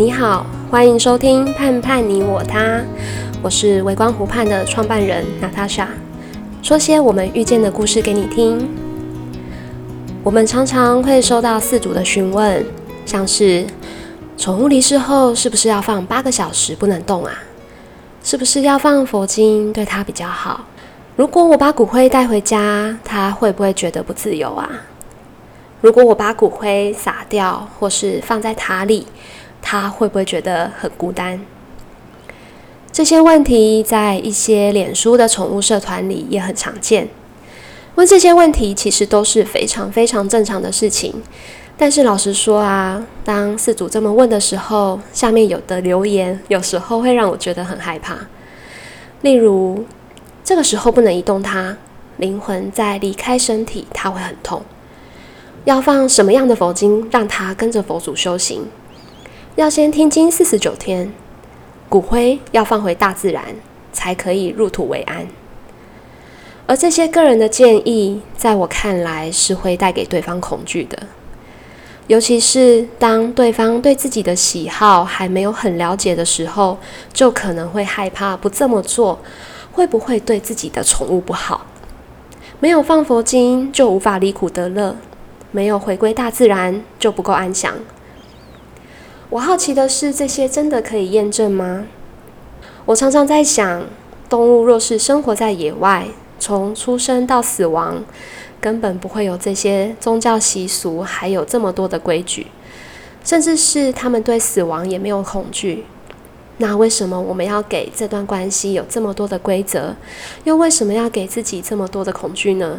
你好，歡迎收聽《盼盼你我他》，我是微光湖畔的創辦人娜塔莎，說些我們遇見的故事給你聽。我們常常會收到飼主的詢問，像是寵物離世後是不是要放八個小時不能動啊？是不是要放佛經對它比較好？如果我把骨灰帶回家，它會不會覺得不自由啊？如果我把骨灰撒掉或是放在塔裡，他會不會覺得很孤單？這些問題在一些臉書的寵物社團裡也很常見。問這些問題其實都是非常非常正常的事情。但是老實說啊，當飼主這麼問的時候，下面有的留言有時候會讓我覺得很害怕。例如，這個時候不能移動它，靈魂在離開身體，它會很痛。要放什麼樣的佛經，讓它跟着佛祖修行？要先聽經四十九天，骨灰要放回大自然，才可以入土為安。而這些個人的建議，在我看來是會帶給對方恐懼的，尤其是當對方對自己的喜好還沒有很了解的時候，就可能會害怕不這麼做，會不會對自己的寵物不好？沒有放佛經就無法離苦得樂，沒有回歸大自然就不夠安詳。我好奇的是，這些真的可以驗證嗎？我常常在想，動物若是生活在野外，從出生到死亡，根本不會有這些宗教習俗，還有這麼多的規矩，甚至是他們對死亡也沒有恐懼。那為什麼我們要給這段關係有這麼多的規則？又為什麼要給自己這麼多的恐懼呢？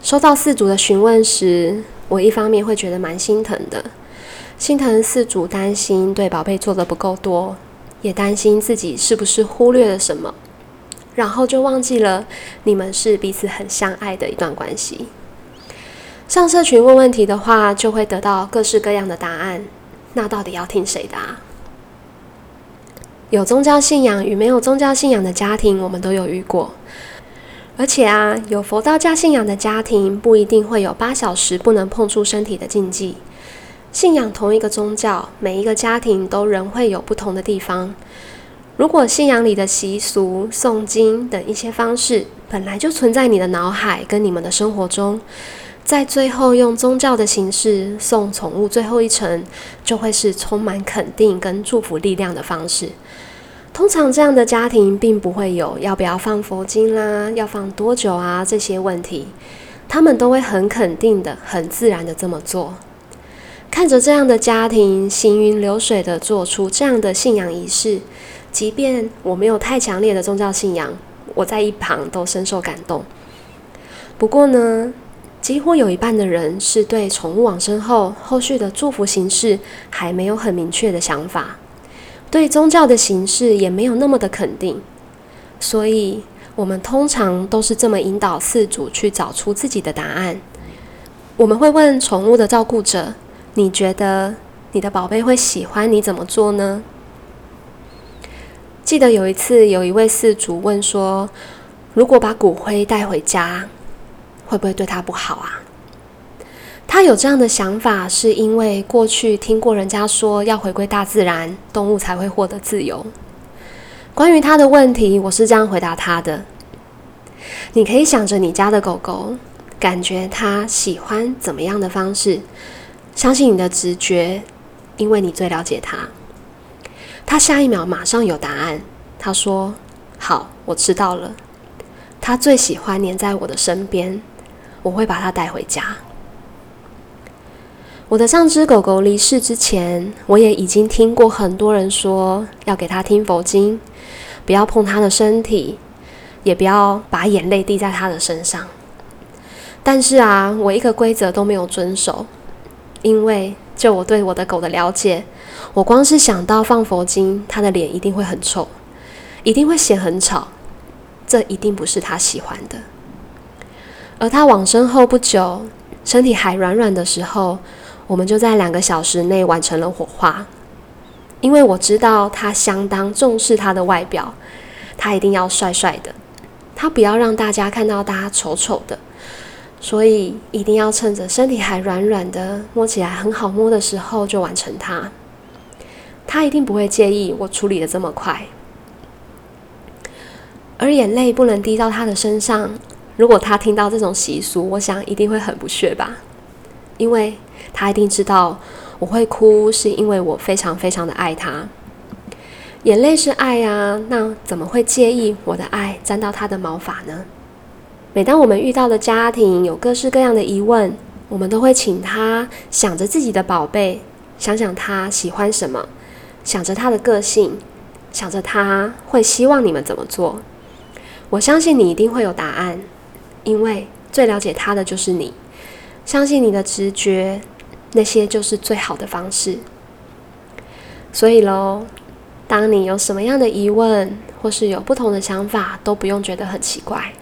收到飼主的詢問時，我一方面會覺得蠻心疼的。心疼飼主擔心對寶貝做的不夠多，也擔心自己是不是忽略了什麼，然後就忘記了你們是彼此很相愛的一段關係。上社群問問題的話，就會得到各式各樣的答案，那到底要聽誰的？有宗教信仰與沒有宗教信仰的家庭，我們都有遇過。而且啊，有佛道家信仰的家庭，不一定會有八小時不能碰觸身體的禁忌。信仰同一個宗教，每一個家庭都仍會有不同的地方。如果信仰裡的習俗、誦經等一些方式本來就存在你的腦海跟你們的生活中，在最後用宗教的形式送寵物最後一程，就會是充滿肯定跟祝福力量的方式。通常這樣的家庭並不會有要不要放佛經啦、要放多久啊這些問題，他們都會很肯定的、很自然的這麼做。看着這樣的家庭行雲流水地做出這樣的信仰儀式，即便我沒有太強烈的宗教信仰，我在一旁都深受感動。不過呢，幾乎有一半的人是對寵物往生後後續的祝福形式還沒有很明確的想法，對宗教的形式也沒有那麼的肯定，所以我們通常都是這麼引導飼主去找出自己的答案。我們會問寵物的照顧者。你覺得你的寶貝會喜歡你怎麼做呢？記得有一次，有一位飼主問說：“如果把骨灰帶回家，會不會對他不好啊？”他有這樣的想法，是因為過去聽過人家說要回歸大自然，動物才會獲得自由。關於他的問題，我是這樣回答他的：“你可以想着你家的狗狗，感覺他喜歡怎麼樣的方式。”相信你的直覺，因為你最了解他。他下一秒馬上有答案。他說：“好，我知道了。”他最喜歡黏在我的身邊，我會把他帶回家。我的上隻狗狗離世之前，我也已經聽過很多人說要給他聽佛經，不要碰他的身體，也不要把眼淚滴在他的身上。但是啊，我一個規則都沒有遵守。因為就我對我的狗的了解，我光是想到放佛經，它的臉一定會很臭，一定會嫌很吵，這一定不是它喜歡的。而他往生後不久，身體還軟軟的時候，我們就在兩個小時內完成了火化，因為我知道他相當重視他的外表，他一定要帥帥的，他不要讓大家看到他醜醜的。所以一定要趁着身體還軟軟的、摸起來很好摸的時候就完成它。他一定不會介意我處理的這麼快，而眼淚不能滴到他的身上。如果他聽到這種習俗，我想一定會很不屑吧，因為他一定知道我會哭是因為我非常非常的愛他。眼淚是愛啊，那怎麼會介意我的愛沾到他的毛髮呢？每當我們遇到的家庭有各式各樣的疑問，我們都會請他想着自己的寶貝，想想他喜歡什麼，想着他的個性，想着他會希望你們怎麼做。我相信你一定會有答案，因為最了解他的就是你。相信你的直覺，那些就是最好的方式。所以嘍，當你有什麼樣的疑問，或是有不同的想法，都不用覺得很奇怪。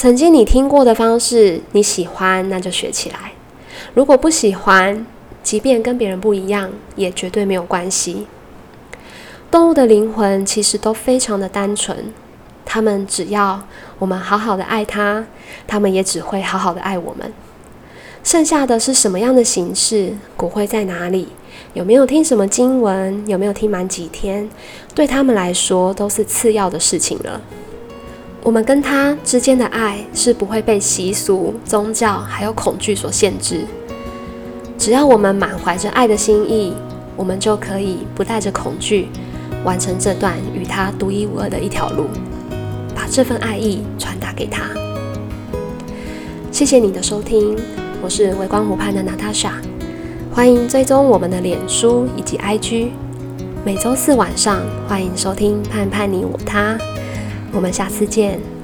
曾經你聽過的方式，你喜歡那就學起來。如果不喜歡，即便跟別人不一樣，也絕對沒有關係。動物的靈魂其實都非常的單純，它們只要我們好好的愛它，它們也只會好好的愛我們。剩下的是什麼樣的形式，骨灰在哪裡，有沒有聽什麼經文，有沒有聽滿幾天，對它們來說都是次要的事情了。我們跟他之間的愛是不會被習俗、宗教還有恐懼所限制。只要我們滿懷着愛的心意，我們就可以不帶着恐懼，完成這段與他獨一無二的一條路，把這份愛意傳達給他。謝謝你的收聽，我是微光湖盼的娜塔莎，歡迎追蹤我們的臉書以及 IG。每周四晚上，歡迎收聽《盼盼你我他》。我們下次見。